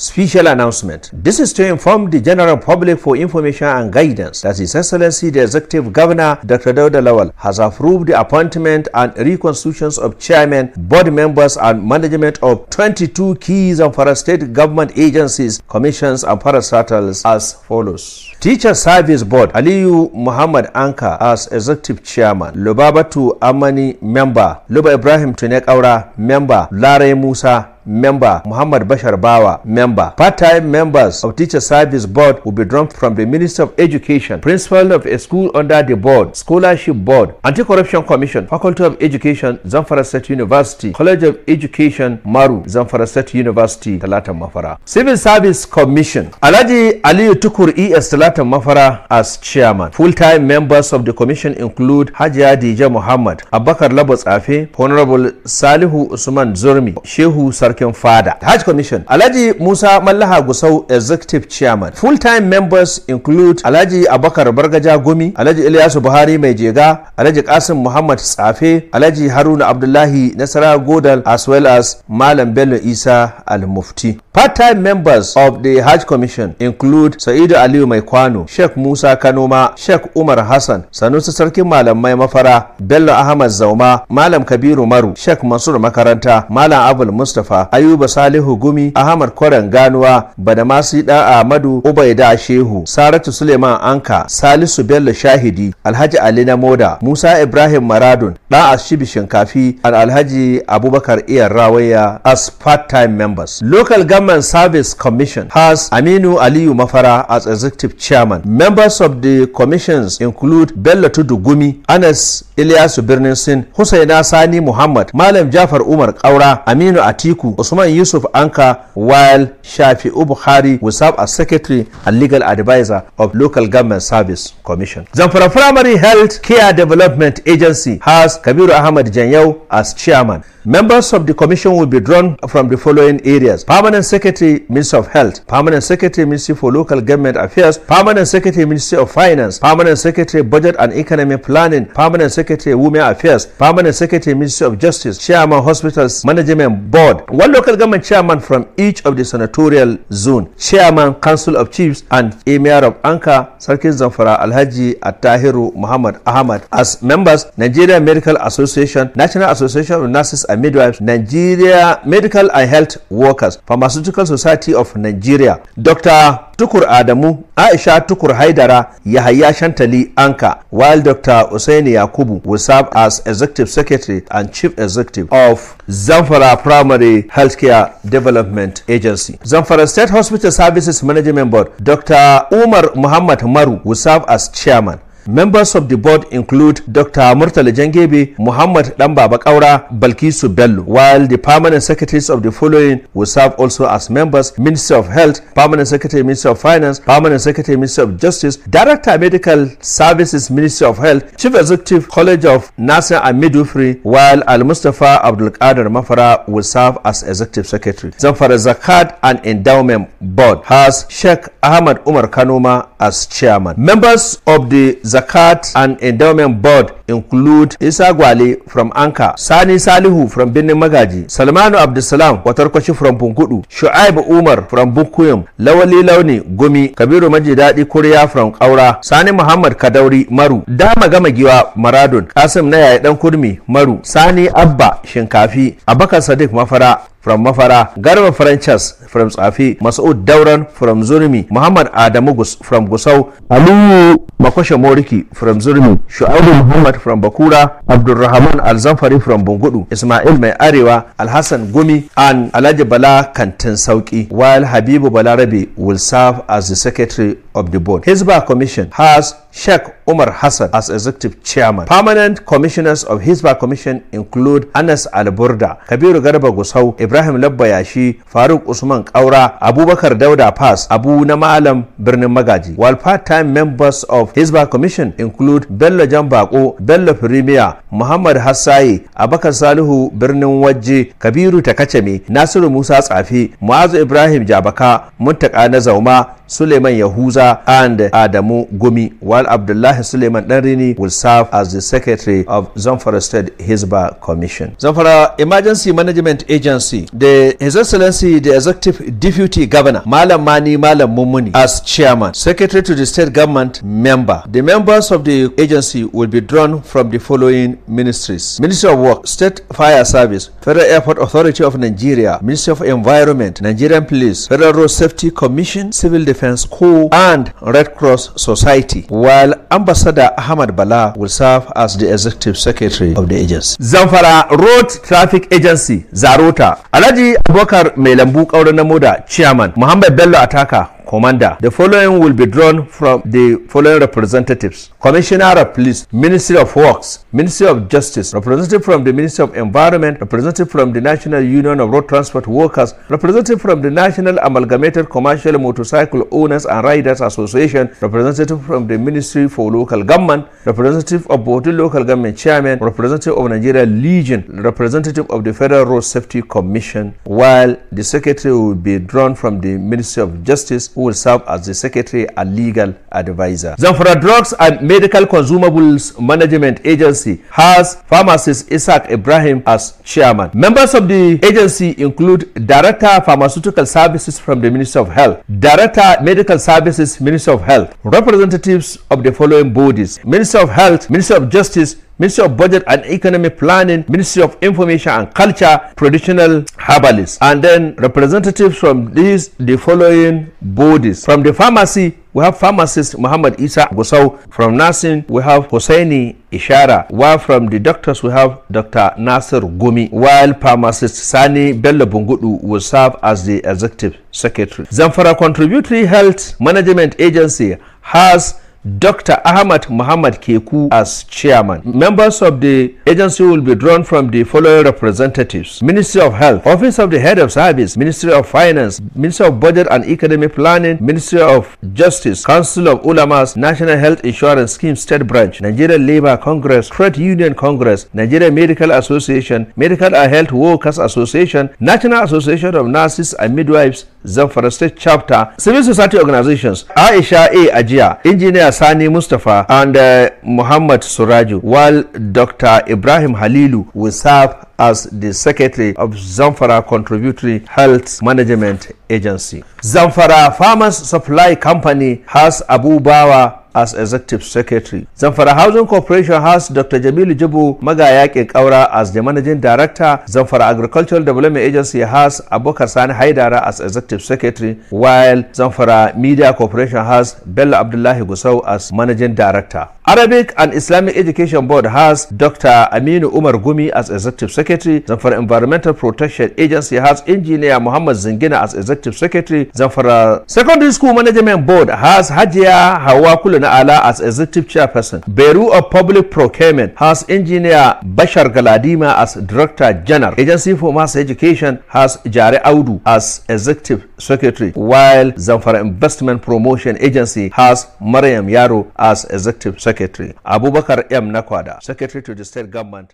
Special announcement. This is to inform the general public for information and guidance that His Excellency the Executive Governor Dr. Dauda Lawal has approved the appointment and reconstitutions of Chairman, board members, and management of 22 key and for state government agencies, commissions, and parastatals as follows. Teacher Service Board Aliyu Muhammad Anka as Executive Chairman, Lubabatu Amani Member, Luba Ibrahim Tunek Aura Member, Lare Musa member Muhammad Bashar Bawa, member. Part-time members of Teacher Service Board will be drawn from the Minister of Education, Principal of a school under the board, Scholarship Board, Anti-Corruption Commission, Faculty of Education, Zamfara State University, College of Education, Maru, Zamfara State University, Talata Mafara. Civil Service Commission, Alhaji Aliyu Tukur E.S. talata Mafara as chairman. Full-time members of the commission include haji Adija Muhammad, Abakar Labos Tsafe, Honorable Salihu Usman zormi Shehu Sarki sarkin fada hajj commission alhaji musa mallaha gusau executive chairman full time members include alhaji abakar bargaja gumi alhaji ilyasu buhari mai jega alhaji kasim muhammad tsafe alhaji haruna abdullahi nasara godal as well as malam bello isa al-mufti Part-time members of the Hajj Commission include Sa'idu Aliyu Maikwano, Sheikh Musa Kanoma, Sheikh Umar Hassan, Sanusi Sarkin Malamai Mafara, Bello Ahmad Zauma, Malam Kabiru Maru, Sheikh Mansur Makaranta, Malam Abul Mustapha, Ayuba Salihu Gumi, Ahmad Koren Ganuwa, Badamasi Da Ahmadu, Ubaida Shehu, Saratu Suleiman Anka, Salisu Bello Shahidi, Alhaji Ali Namoda, Musa Ibrahim Maradun, Da Ashibi Shinkafi, Alhaji Abubakar Iyar Rawaya as part-time members. Local government Government Service Commission has Aminu Aliyu Mafara as executive chairman. Members of the commissions include Bello Tudugumi, Anas Birnin Birninsin, Husaina Sani Muhammad, Malam Jafar Umar Kaura, Aminu Atiku, Usman Yusuf Anka, while Shafi Buhari will serve as secretary and legal advisor of Local Government Service Commission. Zamfara Primary Health Care Development Agency has Kabiru Ahmad Janyau as chairman. Members of the commission will be drawn from the following areas. Permanent Secretary, Ministry of Health. Permanent Secretary, Ministry for Local Government Affairs. Permanent Secretary, Ministry of Finance. Permanent Secretary, Budget and Economic Planning. Permanent Secretary, Women Affairs. Permanent Secretary, Ministry of Justice. Chairman, Hospitals Management Board. One local government chairman from each of the senatorial zone. Chairman, Council of Chiefs and Emir of Anka, Sarkin Zamfara Alhaji Attahiru Muhammad Ahmad. As members, Nigeria Medical Association, National Association of Nurses and and Midwives, Nigeria Medical and Health Workers, Pharmaceutical Society of Nigeria, Dr. Tukur Adamu, Aisha Tukur Haidara, Yahaya Shantali Anka, while Dr. Usaini Yakubu will serve as Executive Secretary and Chief Executive of Zamfara Primary Healthcare Development Agency. Zamfara State Hospital Services Management Board, Dr. Umar Muhammad Maru will serve as Chairman. Members of the board include Dr. Murtala Jangebe, Muhammad Dambaba Kaura, Balkisu Bello, while the permanent secretaries of the following will serve also as members Minister of Health, Permanent Secretary, Minister of Finance, Permanent Secretary, Minister of Justice, Director Medical Services, Minister of Health, Chief Executive College of Nursing and Midwifery, while Al Mustafa Abdul Qadir Mafara will serve as Executive Secretary. Zamfara Zakat and Endowment Board has Sheikh Ahmad Umar Kanuma as chairman. Members of the Zakat and Endowment Board include Isa Gwale from Anka, Sani Salihu from Benin Magaji, Salmanu Abdulsalam Kwatarkwashi from Punkudu, Shu'aib Umar from Bukuyum, Lawali Launi Gumi, Kabiru Majidadi Kuriya from aura Sani Muhammad Kadauri Maru, Dama Gama Giwa Maradun, Kasim Naya Dan Kurmi Maru, Sani Abba Shinkafi, bakar Sadiq Mafara, from Mafara, Garba Franchas from Tsafi, Mas'ud Dauran from Zurmi, Muhammad Adamu Gus from Gusau, Aliyu Makwashe Moriki from Zurmi, Shu'aibu Muhammad from Bakura, Abdulrahman Alzamfari from Bungudu, Ismail Mai Arewa, Alhassan Gumi, and Alhaji Bala Kantin Sauki, while Habibu balarabe will serve as the secretary of the board. Hizba Commission has Sheikh Umar Hassan as executive chairman. Permanent commissioners of Hizba Commission include Anas Al-Burda, Kabiru Garba Gusau, Ibrahim Labbayashi, Faruk Usman Kaura, Abubakar Dauda Pass, Abu na Malam Birnin Magaji. While part-time members of Hizba Commission include Bello Jambako, Bello Firimiya, Muhammad Hassai, Abakar Salihu Birnin Wajji, Kabiru Takachemi, Nasiru Musa Tsafi, Mu'azu Ibrahim Jabaka, Muntaka nazauma. Suleiman Yahuza and Adamu Gumi, while Abdullahi Suleiman rini will serve as the secretary of Zamfara State Hizba Commission. Zamfara Emergency Management Agency, the His Excellency, the Executive Deputy Governor, Malam Mani Malam Mummuni as chairman, secretary to the state government member. The members of the agency will be drawn from the following ministries Ministry of Work, State Fire Service, Federal Airport Authority of Nigeria, Ministry of Environment, Nigerian Police, Federal Road Safety Commission, Civil Defense. Defense Corps and Red Cross Society, while Ambassador Ahmad Bala will serve as the Executive Secretary of the agency. Zamfara Road Traffic Agency, Zarota, Alhaji Abubakar Mai Lambu Kaura Namoda, Chairman, Muhammad Bello Ataka, commander. The following will be drawn from the following representatives. Commissioner of Police, Ministry of Works, Ministry of Justice, representative from the Ministry of Environment, representative from the National Union of Road Transport Workers, representative from the National Amalgamated Commercial Motorcycle Owners and Riders Association, representative from the Ministry for Local Government, representative of Bauchi Local Government Chairman, representative of Nigeria Legion, representative of the Federal Road Safety Commission, while the secretary will be drawn from the Ministry of Justice, who will serve as the secretary and legal advisor. Zamfara Drugs and Medical Consumables Management Agency has pharmacist Isaac Ibrahim as chairman. Members of the agency include Director Pharmaceutical Services from the Ministry of Health, Director Medical Services Ministry of Health, representatives of the following bodies, Ministry of Health, Ministry of Justice, Ministry of Budget and Economic Planning, Ministry of Information and Culture, traditional herbalists, and then representatives from these the following bodies. From the pharmacy, we have pharmacist Muhammad Isa Gusau. From nursing, we have Hosseini Ishara. While from the doctors, we have Dr. Nasir Gumi. While pharmacist Sani Bello Bungudu will serve as the executive secretary. Zamfara Contributory Health Management Agency has Dr. Ahmad Muhammad Keku as chairman. Members of the agency will be drawn from the following representatives. Ministry of Health, Office of the Head of Service, Ministry of Finance, Ministry of Budget and Economic Planning, Ministry of Justice, Council of Ulamas, National Health Insurance Scheme State Branch, Nigeria Labour Congress, Trade Union Congress, Nigeria Medical Association, Medical and Health Workers Association, National Association of Nurses and Midwives, zamfara state chapter civil society organizations aisha a ajiya engineer sani mustapha and uh, muhammad suraju while dr ibrahim halilu will serve as the secretary of zamfara contributory health management agency zamfara farmers supply company has abubawa as executive secretary. Zamfara Housing Corporation has Dr. Jamilu Maga Magayakin Kaura as the managing director. Zamfara Agricultural Development Agency has Abokar Sani Haidara as executive secretary, while Zamfara Media Corporation has Bello Abdullahi Gusau as managing director. Arabic and Islamic Education Board has Dr. Aminu Umar Gumi as Executive Secretary. Zamfara Environmental Protection Agency has Engineer Muhammad Zingina as Executive Secretary. Zamfara Secondary School Management Board has Hajia Hawa Kuluna Ala as Executive Chairperson. Beru of Public Procurement has Engineer Bashar Galadima as Director General. Agency for Mass Education has Jare Audu as Executive Secretary, while Zamfara Investment Promotion Agency has Mariam Yaro as Executive Secretary. secretary abubakar m nakwada secretary to the state government